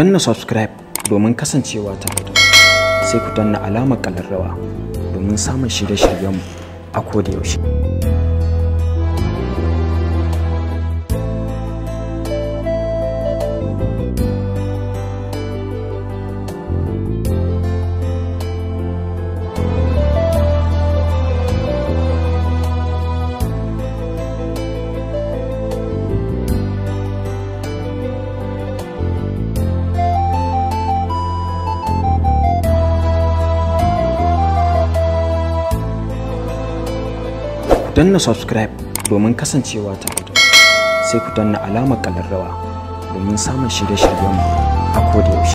danna subscribe domin kasancewa ta da sai ku danna alamar kalarrawa domin samun shirye-shiryenmu a kodayaushe. yaushe danna subscribe domin kasancewa ta da sai ku danna alamar rawa domin samun shirye-shiryenmu a kodayaushe